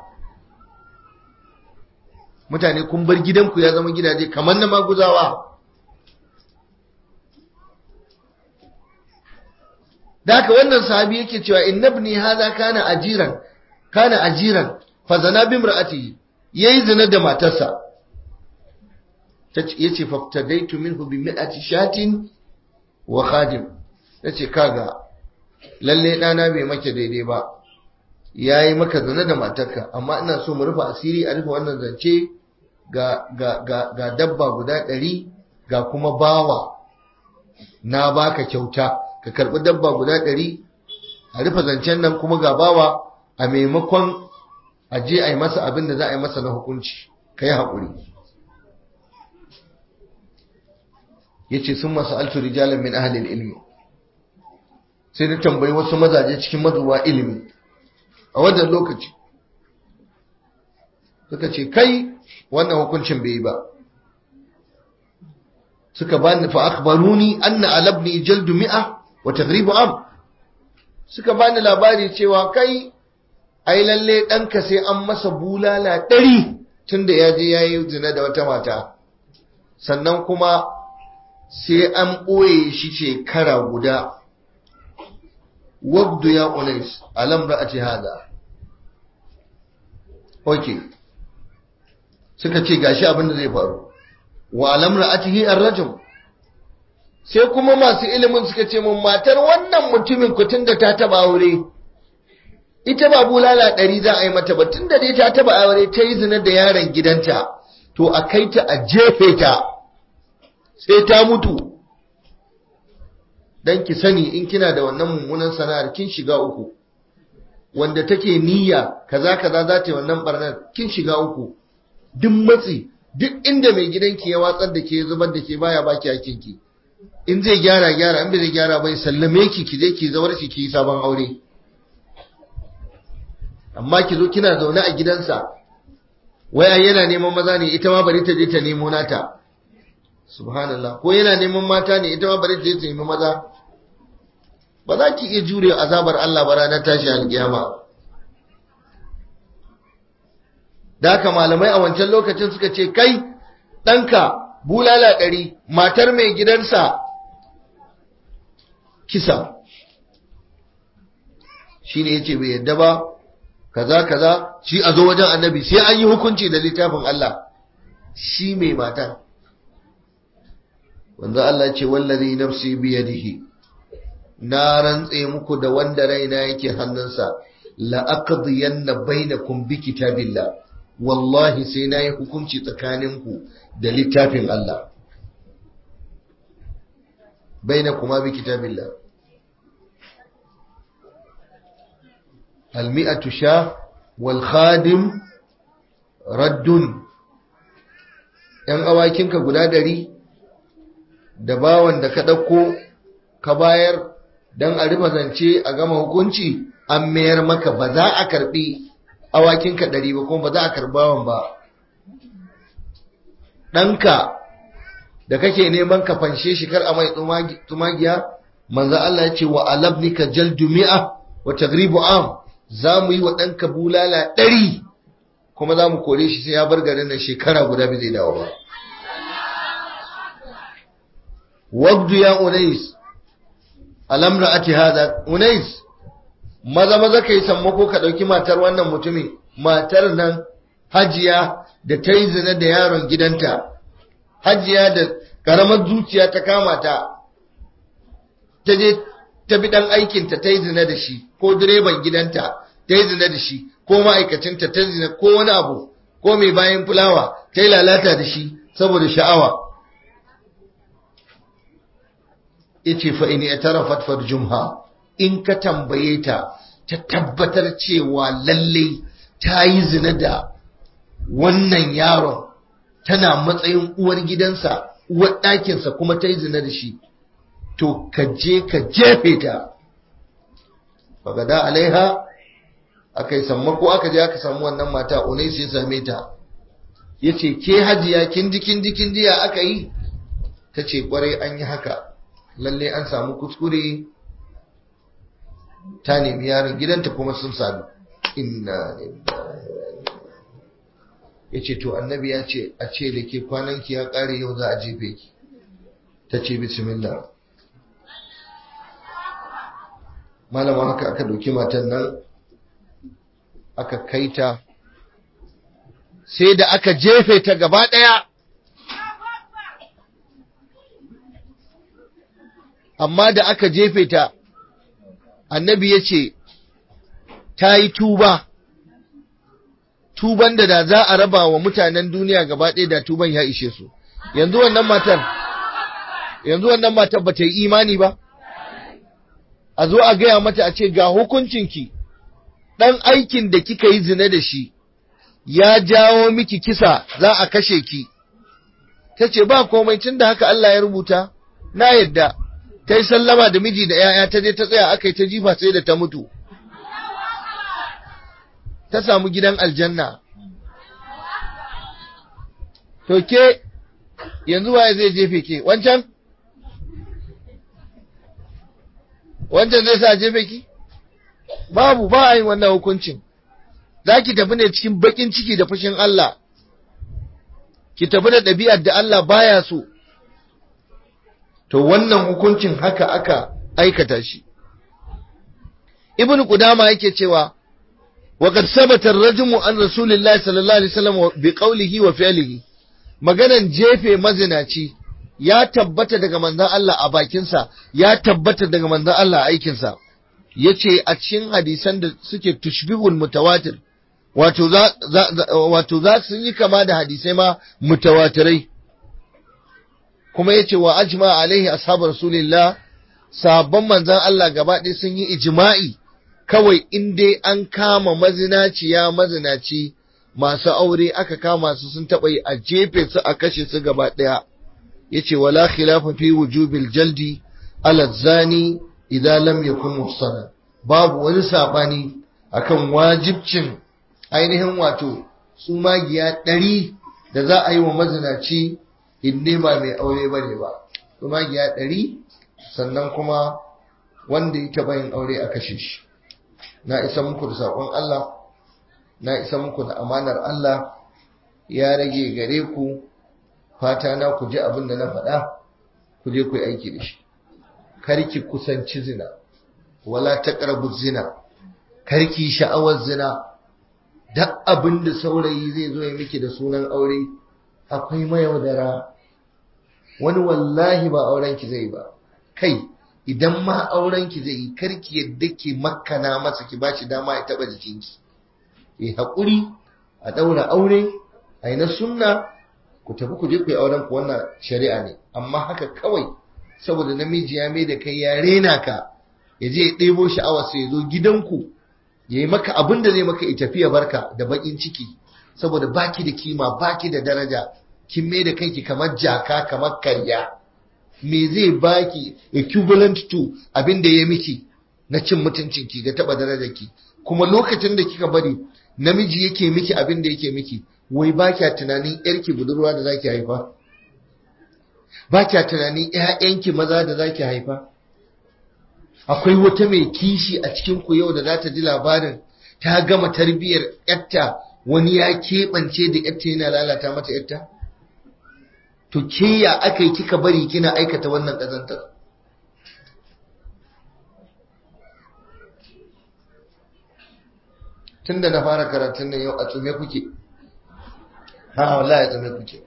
mutane kun bar gidanku ya zama gidaje kamar na maguzawa da haka wannan sahabi yake cewa innabni hadha kana ajiran kana ajiran fa zana bi imra'atihi yayi zina da matarsa yace faftadaitu minhu bi mi'ati shatin wa khadim yace kaga lalle dana bai maka daidai ba yayi maka zana da matarka amma ina so mu rufe asiri a rufe wannan zance ga ga ga ga dabba guda ɗari ga kuma bawa na baka kyauta ka karbi dabba guda ɗari a rufe zancen nan kuma ga bawa a maimakon a je masa abin da za a yi masa na hukunci ka yi haƙuri yace sun masu altu rijalan min ahlil ilmi sai na tambayi wasu mazaje cikin mazuwa ilimi a wajen lokaci suka ce kai wannan hukuncin bai yi ba suka bani fa akhbaruni anna alabni jaldu mi'a wa taghribu am suka bani labari cewa kai ai lalle ɗanka sai an masa bulala ɗari tunda yaje je ya yi zina da wata mata sannan kuma sai an ɓoye shi ce kara guda wabdu ya a alamra a hada ok suka ce gashi abin da zai faru wa alamra a cihi rajin? sai kuma masu ilimin suka ce mun matar wannan mutumin kutun da ta taba aure ita ba bulala ɗari za a yi mata ba tun da dai ta taba aure ta yi zina da yaron gidanta to a kai ta a jefe ta sai ta mutu dan ki sani in kina da wannan mummunan sana'ar kin shiga uku wanda take niyya kaza kaza za ta wannan barnar kin shiga uku duk matsi duk inda mai gidanki ya watsar da ke zubar da ke baya baki hakin ki in zai gyara gyara in bai zai gyara bai sallame ki ki je ki ki yi sabon aure amma ki zo kina zaune a gidansa waya yana neman maza ne ita ma bari ta je ta nemo nata subhanallah ko yana neman mata ne ita ma bari ta yi nemi maza ba za ki iya jure azabar Allah ba ranar tashi alkiyama da haka malamai a wancan lokacin suka ce kai ɗanka bulala ɗari matar mai gidansa kisa shi ne ya ce bai yadda ba kaza kaza shi a zo wajen annabi sai an yi hukunci da littafin Allah shi mai matar. wanda Allah ce wallazi nafsi biyadihi na rantse muku da wanda raina yake hannunsa la aqdiyanna bainakum bi kitabillah wallahi sai nayi hukunci tsakaninku da littafin Allah bainakuma bi kitabillah المئة شاه والخادم raddun ‘yan awakinka guda ɗari da bawan da ka ɗauko ka bayar don a rufe zance a gama hukunci an mayar maka ba za a karɓi awakinka ɗari ba kuma ba za a karɓawan ba ɗanka da kake neman ka fanshe shi kar a mai tumagiya manza Allah ya ce wa alabnika jal dumi'a wa tagribu am za mu yi wa ɗanka bulala ɗari kuma za mu kore shi sai ya bar garin nan shekara guda bai zai dawo ba wabdu ya unais alamra ati hada unais maza maza kai sammako ka dauki matar wannan mutumin matar nan hajiya da ta yi zina da yaron gidanta hajiya da karamar zuciya ta kama ta ta je ta bi dan aikinta ta yi zina da shi ko direban gidanta ta yi zina da shi ko ma'aikacinta ta zina ko wani abu ko mai bayan fulawa ta yi lalata da shi saboda sha'awa yace fa in i'tarafat jumha? in ka tambaye ta ta tabbatar cewa lalle ta yi zina da wannan yaron tana matsayin uwar gidansa uwar ɗakinsa kuma ta yi zina da shi to ka je ka jefe ta da alaiha aka yi sammako aka je aka samu wannan mata unai ya same ta Yace ke hajiya kindi kindi kindiya aka yi ta ce kwarai an yi haka lalle an samu kuskure ta nemi yaron gidanta kuma sun sami inna ya ce to annabi ya ce a ce da ke kwananki ya kare yau za a jefe ki ta ce bismillah malama haka aka ɗauki matan nan aka kaita sai da aka jefe ta gaba ɗaya amma da aka jefe ta annabi ya ce ta yi tuba tuban da da za a raba wa mutanen duniya gaba ɗaya da tuban ya ishe su yanzu wannan matar yanzu wannan matar ba ta yi imani ba a zo a gaya mata a ce ga hukuncinki ɗan aikin da kika yi zina da shi ya jawo miki kisa za a kashe ki ta ce ba komai tun da haka Allah ya rubuta na yadda ta yi sallama da miji da 'ya'ya ta je ta tsaya aka yi ta jifa sai da ta mutu ta samu gidan aljanna to ke yanzu waye zai jefe ke wancan wancan zai sa jefe ki babu ba a yi wannan hukuncin za ki tafi ne cikin bakin ciki da fushin Allah ki tafi da ɗabi'ar da Allah baya so to wannan hukuncin haka aka aikata shi ibnu qudama yake cewa wa kad sabata ar-rajmu an rasulillahi sallallahu alaihi wasallam bi qawlihi wa fi'lihi maganan jefe mazinaci ya tabbata daga manzon Allah a bakinsa ya tabbata daga manzon Allah a aikinsa yace a cikin hadisan da suke tushbihul mutawatir wato za wato za sun yi kama da hadisai ma mutawatirai kuma yace wa ajma alaihi ashabu rasulillah sabon manzan Allah gaba ɗaya sun yi ijima'i? kawai in dai an kama mazinaciya mazinaci masu aure aka kama su sun taɓa yi a jefe su a kashe su gaba ɗaya yace wala khilafa fi wujubil jaldi ala zani idan lam yakun muhsana babu wani sabani akan wajibcin ainihin wato su magiya ɗari da za a yi wa mazinaci in ba mai aure ba ne ba kuma giya ɗari sannan kuma wanda ya taɓa yin aure a kashe shi na isa muku da saƙon Allah na isa muku da amanar Allah ya rage gare ku fata na ku ji abin da na faɗa ku je ku yi aiki da shi karki kusanci zina wala taqrabu zina karki sha'awar zina duk abin da saurayi zai zo ya miki da sunan aure akwai mayaudara wani wallahi ba auren ki zai ba kai idan ma auren ki zai yi karki yadda ke makana masa ki bashi dama ya taba jikin ki hakuri a daura aure a yi na sunna ku tafi ku je ku yi auren ku wannan shari'a ne amma haka kawai saboda namiji ya mai da kai ya rena ka ya je ya ɗebo sha'awa sai ya zo gidanku ya yi maka abin da zai maka ya tafi ya barka da baƙin ciki saboda baki da kima baki da daraja kin mai da kanki kamar jaka kamar karya me zai baki equivalent to abin da ya miki na cin mutuncin ki ga taba darajar ki kuma lokacin da kika bari namiji yake miki abin da yake miki wai ba kya tunanin yarki budurwa da zaki haifa ba kya tunanin ƴaƴanki maza da zaki haifa akwai wata mai kishi a cikin ku yau da za ta ji labarin ta gama tarbiyyar yarta wani ya keɓance da ƴatta yana lalata mata yarta to ke ya aka yi kika bari kina aikata wannan ƙazantar tun da na fara karatun nan yau a tsume kuke ha wala a tsume kuke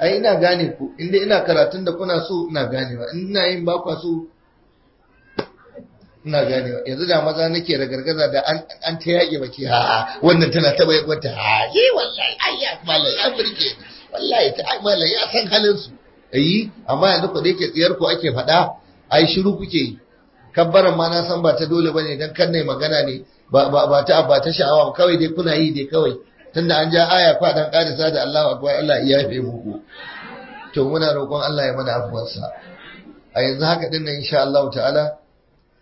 ai ina gane ku inda ina karatun da kuna so ina ganewa ina yin bakwa so ina ganewa yanzu da maza nake ragargaza da an ta yage baki ha wannan tana taba wata ha yi wallahi ayya malai an birke. ni wallahi ta ai ya san halin su ayi amma yanzu ku da yake tsiyar ku ake faɗa ai shiru kuke yi kabbaran ma na san ba ta dole bane dan kan ne magana ne ba ba ta ba ta sha'awa kawai dai kuna yi dai kawai tunda an ja aya kwa dan sa da Allahu akbar Allah ya yafe muku to muna roƙon Allah ya mana sa a yanzu haka din nan insha Allah ta'ala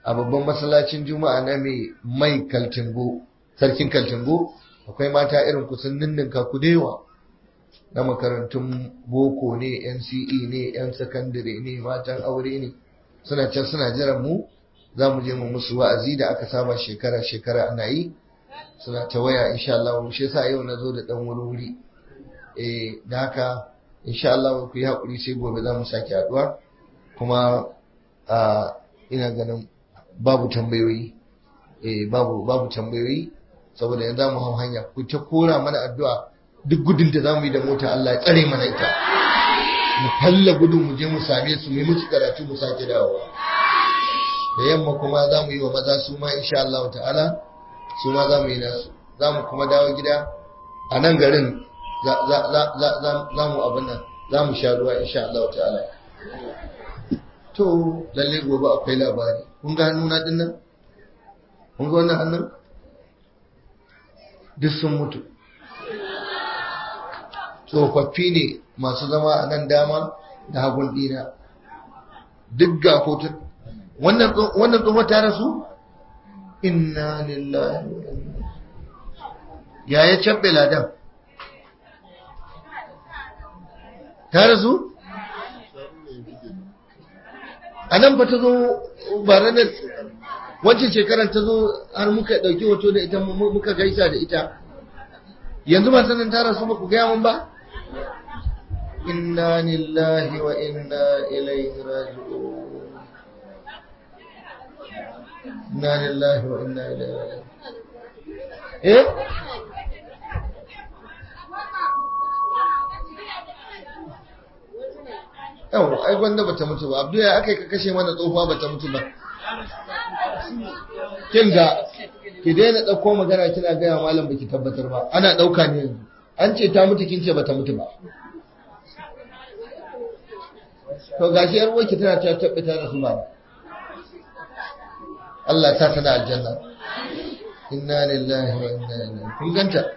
a babban masallacin juma'a na mai mai kaltingo sarkin kaltingo akwai mata irin ku sun ninninka ku daiwa na makarantun boko ne nce ne yan sakandare ne matan aure ne suna can suna jiran mu za mu je mu musu wa'azi da aka saba shekara shekara ana yi suna ta waya insha Allah shi yasa yau na zo da dan wuri eh da haka insha Allah ku yi hakuri sai gobe za mu sake haduwa kuma a ina ganin babu tambayoyi eh babu babu tambayoyi saboda yanzu mu hau hanya ku ta kora mana addu'a duk gudun da zamu yi da mota Allah ya tsare mana ita mu falla gudun mu je mu same su mu yi musu karatu mu sake dawo, da yamma kuma za mu yi wa maza su ma insha Allah ta'ala su ma za mu yi nasu za mu kuma dawo gida a nan garin za mu abin nan za mu sha ruwa insha Allah ta'ala to lalle gobe akwai labari kun ga nuna din nan kun ga wannan hannun duk sun mutu tsofaffi ne masu zama a nan dama da hagun dina duk ga hoton wannan tsohon ta rasu inna lillahi ya yi can ladan ta rasu a nan ba ta zo ba ranar wancan shekarar ta zo har muka dauki hoto da ita muka gaisa da ita yanzu ba sanin ta rasu ba ku gaya mun ba إنا لله وإنا إليه راجعون إنا لله وإنا إليه راجعون إيه yau ai gwanda bata mutu ba abu ya aka yi kakashe mana tsohuwa bata mutu ba kin ga ki daina ɗauko magana kina gaya malam baki tabbatar ba ana ɗauka ne yanzu an ce ta mutu kin ce bata mutu ba to gashi yar uwarki tana ta tabbata da suna Allah ta sa ta da aljanna inna lillahi wa inna ilaihi kun ganta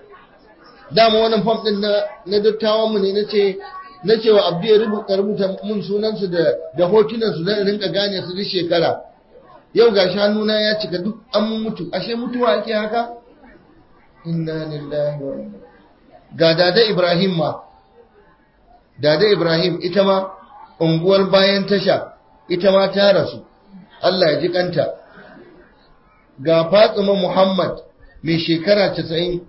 dama wannan form din na na dattawan mu ne nace na cewa abdu ya rubuta rubuta mun sunan su da da hotunan su zan rinka gane su duk shekara yau ga shanu hannuna ya cika duk an mutu ashe mutuwa yake haka inna lillahi wa inna ga dada Ibrahim ma dada Ibrahim ita ma unguwar bayan tasha ita ma ta rasu Allah ya ji kanta ga Fatima Muhammad mai shekara 90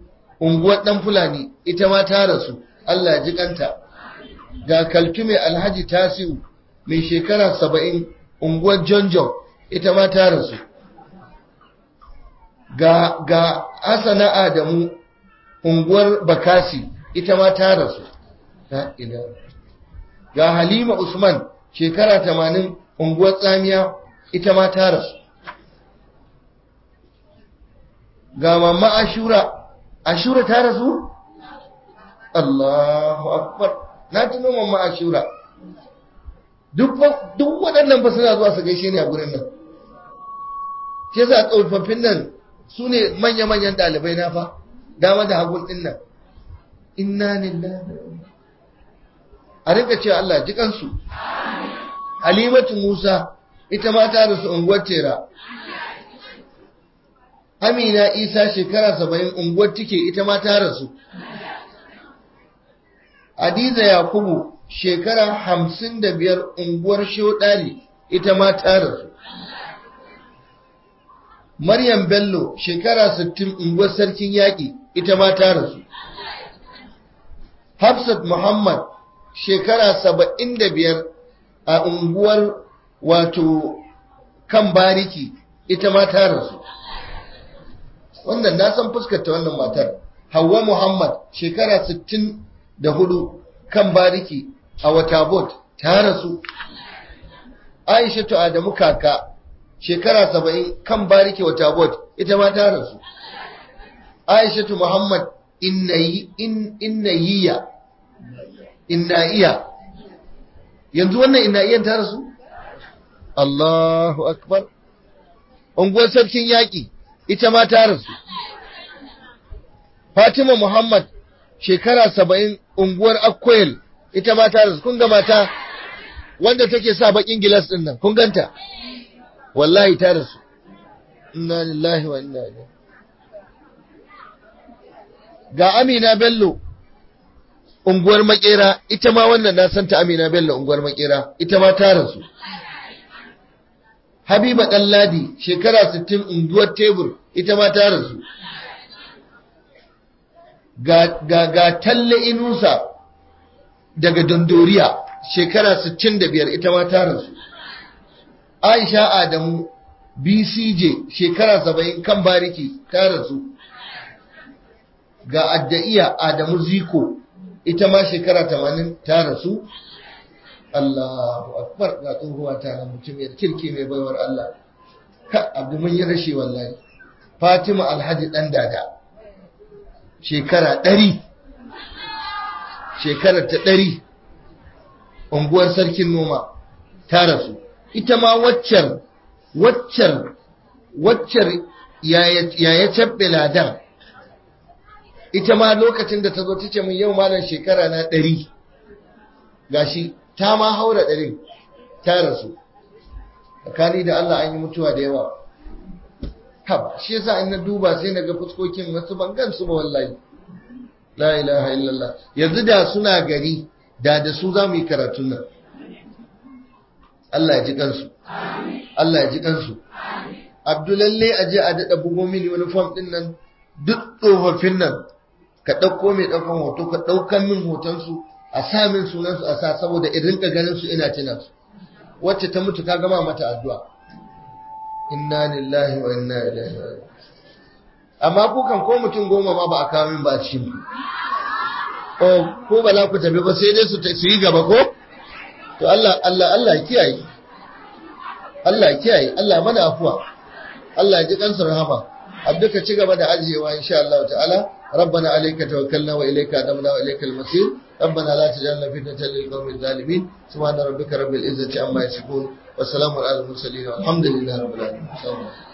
unguwar dan Fulani ita ma ta rasu Allah ya ji kanta ga Kaltume Alhaji Tasiu mai shekara 70 unguwar Jonjo ita ma ta rasu ga ga Asana Adamu unguwar Bakasi ita ma ta rasu ga halima usman shekara tamanin unguwar tsamiya ita ma ta rasu ga mamma ashura ashura ta rasu Allahu akbar na tuno mamma ashura duk waɗannan ba suna zuwa su gaishe ne a gurin nan ke za a tsofaffin nan su ne manya-manyan ɗalibai na fa dama da hagun ɗin nan inna lillahi a rinka ce Allah ji kansu halimatu musa ita ma ta rasu unguwar tera amina isa shekara saba'in unguwar take ita ma ta rasu hadiza yakubu shekara hamsin da biyar unguwar shodali ita ma ta rasu maryam bello shekara sittin unguwar sarkin yaƙi ita ma ta rasu hafsat muhammad shekara saba'in da biyar a unguwar wato kan bariki ita ma ta rasu wannan na san fuskarta wannan matar Hauwa Muhammad shekara sittin da hudu kan bariki a Watabot ta rasu Aishatu Adamu kaka shekara saba'in kan bariki Watabot ita ma ta rasu Aishatu Muhammad innayiya inna'iya yanzu wannan inna'iyan ta rasu Allahu akbar unguwar sarkin yaƙi ita ma ta rasu Fatima Muhammad shekara saba'in unguwar Akkoyel ita ma ta rasu kun ga mata wanda take sa bakin gilas din nan kun ganta wallahi ta rasu inna lillahi wa inna ilaihi ga Amina Bello unguwar makera ita ma wannan na santa amina bello unguwar makera ita ma ta rasu habiba ɗanladi shekara 60 unguwar tebur ita ma ta rasu ga talle inusa daga dondoriya shekara 65 ita ma ta rasu aisha adamu bcj shekara 70 kan bariki ta rasu ga adda'iya adamu ziko ita ma shekara tamanin ta rasu Allahu akbar ga tsohuwa ta na mutum ya kirki mai baiwar Allah ka abu mun yi rashi wallahi Fatima Alhaji dan dada shekara ɗari shekara ta ɗari unguwar sarkin noma ta rasu ita ma waccar waccan waccar yaya cabbe ladan ita ma lokacin da ta zo ta ce min yau malam shekara na ɗari gashi ta ma haura ɗarin, ta rasu tsakani da Allah an yi mutuwa da yawa hab shi yasa in na duba sai na ga fuskokin wasu bangan su ba wallahi la ilaha illallah yanzu da suna gari da da su za mu yi karatun nan Allah ya ji kansu Allah ya ji kansu Abdulalle aje a daɗa bugo mini wani fam ɗin nan duk tsofaffin nan ka ɗauko mai ɗaukan hoto ka ɗaukan min hotonsu a sa min sunansu a sa saboda in rinka ganin su ina tuna su wacce ta mutu ka gama mata addu'a inna lillahi wa inna ilaihi amma ku kan ko mutum goma ma ba a kawo min ba shi ko ba la ku tafi ba sai dai su yi gaba ko to Allah Allah Allah kiyaye Allah kiyaye Allah mana afuwa Allah ya ji kansa rahama abduka ci gaba da ajiyewa insha Allah ta'ala ربنا عليك توكلنا وإليك أدمنا وإليك المصير ربنا لا تجعلنا فتنة للقوم الظالمين سبحان ربك رب العزة عما يصفون والسلام على المرسلين والحمد لله رب العالمين